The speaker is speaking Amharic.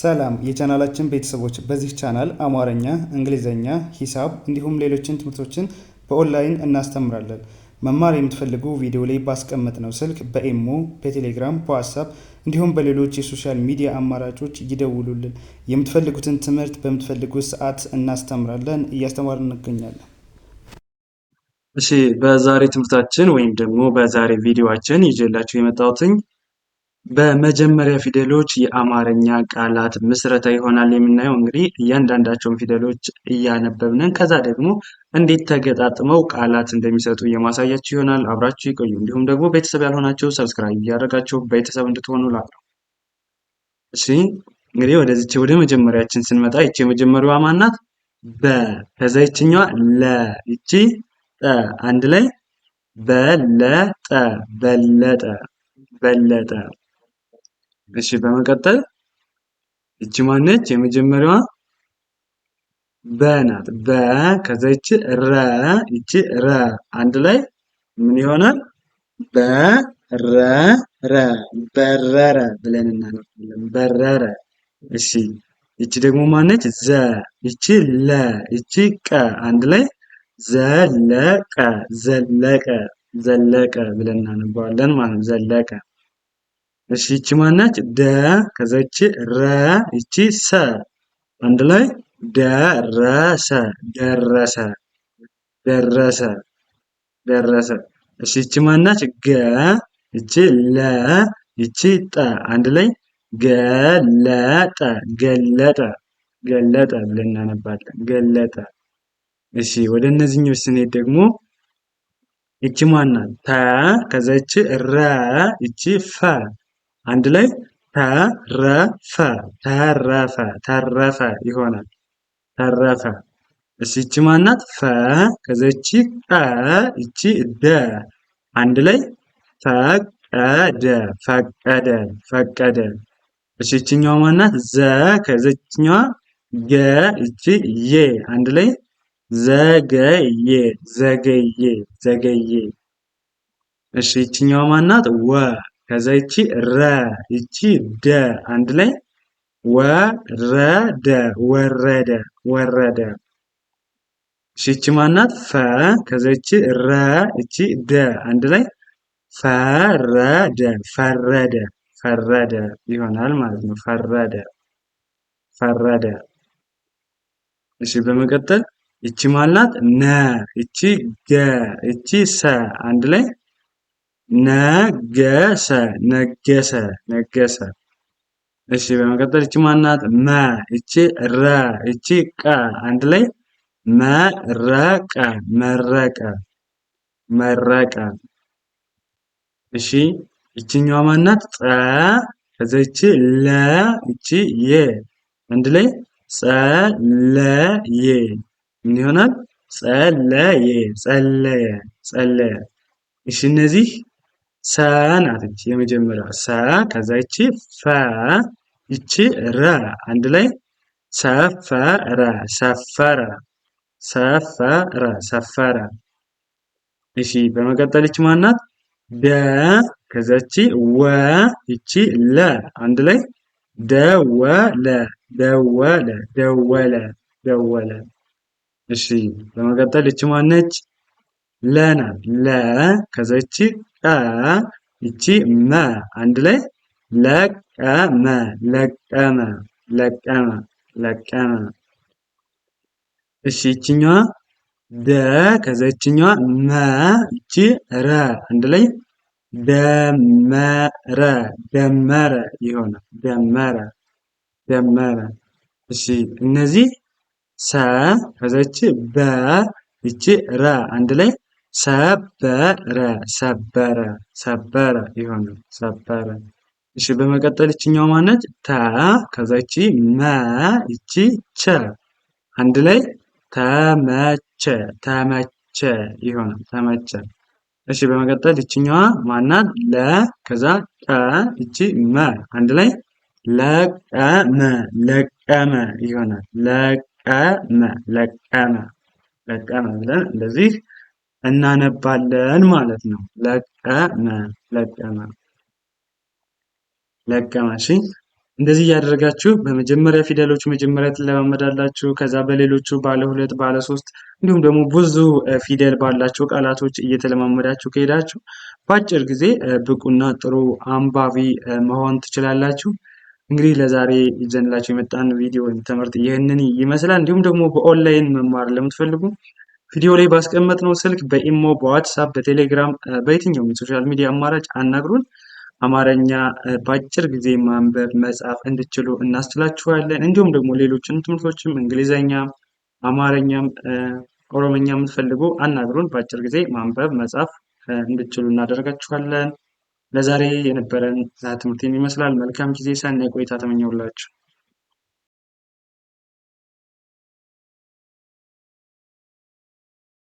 ሰላም የቻናላችን ቤተሰቦች፣ በዚህ ቻናል አማርኛ፣ እንግሊዝኛ፣ ሂሳብ እንዲሁም ሌሎችን ትምህርቶችን በኦንላይን እናስተምራለን። መማር የምትፈልጉ ቪዲዮ ላይ ባስቀመጥ ነው ስልክ በኢሞ በቴሌግራም በዋትሳፕ እንዲሁም በሌሎች የሶሻል ሚዲያ አማራጮች ይደውሉልን። የምትፈልጉትን ትምህርት በምትፈልጉት ሰዓት እናስተምራለን፣ እያስተማርን እንገኛለን። እሺ፣ በዛሬ ትምህርታችን ወይም ደግሞ በዛሬ ቪዲዮችን ይዤላችሁ የመጣሁትኝ በመጀመሪያ ፊደሎች የአማርኛ ቃላት ምስረታ ይሆናል የምናየው እንግዲህ እያንዳንዳቸውን ፊደሎች እያነበብንን ከዛ ደግሞ እንዴት ተገጣጥመው ቃላት እንደሚሰጡ የማሳያችሁ ይሆናል። አብራችሁ ይቆዩ። እንዲሁም ደግሞ ቤተሰብ ያልሆናቸው ሰብስክራይብ እያደረጋቸው ቤተሰብ እንድትሆኑ ላለው። እሺ እንግዲህ ወደዚች ወደ መጀመሪያችን ስንመጣ ይቺ የመጀመሪያዋ ማናት? በ ከዛ ይችኛዋ ለ ይቺ ጠ አንድ ላይ በለጠ በለጠ በለጠ እሺ በመቀጠል እቺ ማነች? የመጀመሪያዋ በ ናት። በ ከዛ ይቺ ረ እቺ ረ አንድ ላይ ምን ይሆናል? በረረ በረረ ብለን እናነባለን። በረረ። እሺ ይቺ ደግሞ ማነች? ዘ እቺ ለ እቺ ቀ አንድ ላይ ዘለቀ ዘለቀ ዘለቀ ብለን እናነባዋለን ማለት ዘለቀ እሺ ይቺ ማናች? ደ ከዛች ረ ይቺ ሰ አንድ ላይ ደረሰ ደረሰ ደረሰ ደረሰ። እሺ ይቺ ማናች? ገ ይቺ ለ ይቺ ጠ አንድ ላይ ገለጠ ገለጠ ገለጠ ብለን እናነባለን። ገለጠ። እሺ ወደ እነዚህኞች ስንሄድ ደግሞ ይቺ ማናት? ተ ከዛች ረ ይቺ ፈ አንድ ላይ ተረፈ ተረፈ ተረፈ ይሆናል። ተረፈ እሲች ማናት ፈ ከዘቺ ቀ እቺ ደ አንድ ላይ ፈቀደ ፈቀደ ፈቀደ። እሺችኛዋ ማናት ዘ ከዘችኛዋ ገ እቺ የ አንድ ላይ ዘገየ ዘገየ ዘገየ። እሺችኛዋ ማናት ወ ከዛ ይቺ ረ ይቺ ደ አንድ ላይ ወረደ ወረደ ወረደ። እሺ ይቺ ማናት? ፈ ከዛ ይቺ ረ ይቺ ደ አንድ ላይ ፈረደ ፈረደ ፈረደ ይሆናል ማለት ነው። ፈረደ ፈረደ። እሺ በመቀጠል ይቺ ማናት? ነ ይቺ ገ ይቺ ሰ አንድ ላይ ነገሰ ነገሰ ነገሰ። እሺ በመቀጠል እቺ ማናት? መ እቺ ረ እቺ ቀ አንድ ላይ መረቀ መረቀ መረቀ። እሺ እቺኛዋ ማናት? ጸ ከዛ እቺ ለ እቺ የ አንድ ላይ ጸ ለ የ ምን ይሆናል? ጸለየ ጸለየ ጸለየ። እሺ እነዚህ ሰ ናትች የመጀመሪያ ሰ ከዛ ይቺ ፈ ይቺ ረ አንድ ላይ ሰፈረ ሰፈረ ሰፈረ ሰፈረ። እሺ በመቀጠል ይቺ ማናት? ደ ከዛ ይቺ ወ ይቺ ለ አንድ ላይ ደወለ ደወለ ደወለ ደወለ። እሺ በመቀጠል ይቺ ማነች? ለ ናት ለ ከዛ ይቺ ጠ ይቺ መ አንድ ላይ ለቀመ ለቀመ ለቀመ ለቀመ። እሺ ይቺኛዋ ደ ከዛ ይቺኛዋ መ ይቺ ረ አንድ ላይ ደመረ ደመረ ይሆናል። ደመረ ደመረ። እሺ እነዚህ ሰ ከዛ ይቺ በ ይቺ ረ አንድ ላይ ሰበረ ሰበረ ሰበረ ይሆናል ሰበረ። እሺ በመቀጠል ይችኛው ማነች? ተ ከዛ ይቺ መ ይቺ ቸ አንድ ላይ ተመቸ ተመቸ ይሆናል ተመቸ። እሺ በመቀጠል ይችኛዋ ማናት? ለ ከዛ ቀ ይቺ መ አንድ ላይ ለቀመ ለቀመ ይሆናል ለቀመ ለቀመ ለቀመ ብለን እንደዚህ እናነባለን ማለት ነው። ለቀመ ለቀመ ለቀመ። እሺ እንደዚህ እያደረጋችሁ በመጀመሪያ ፊደሎች መጀመሪያ ትለማመዳላችሁ። ከዛ በሌሎቹ ባለ ሁለት ባለ ሶስት እንዲሁም ደግሞ ብዙ ፊደል ባላቸው ቃላቶች እየተለማመዳችሁ ከሄዳችሁ በአጭር ጊዜ ብቁና ጥሩ አንባቢ መሆን ትችላላችሁ። እንግዲህ ለዛሬ ይዘንላችሁ የመጣን ቪዲዮ ወይም ትምህርት ይህንን ይመስላል። እንዲሁም ደግሞ በኦንላይን መማር ለምትፈልጉ ቪዲዮ ላይ ባስቀመጥነው ስልክ በኢሞ፣ በዋትሳፕ፣ በቴሌግራም በየትኛውም የሶሻል ሚዲያ አማራጭ አናግሩን። አማርኛ በአጭር ጊዜ ማንበብ መጻፍ እንድችሉ እናስችላችኋለን። እንዲሁም ደግሞ ሌሎችን ትምህርቶችም እንግሊዘኛ፣ አማርኛም፣ ኦሮምኛ የምትፈልጉ አናግሩን። በአጭር ጊዜ ማንበብ መጻፍ እንድችሉ እናደርጋችኋለን። ለዛሬ የነበረን ትምህርት ይመስላል። መልካም ጊዜ፣ ሰናይ ቆይታ ተመኘሁላችሁ።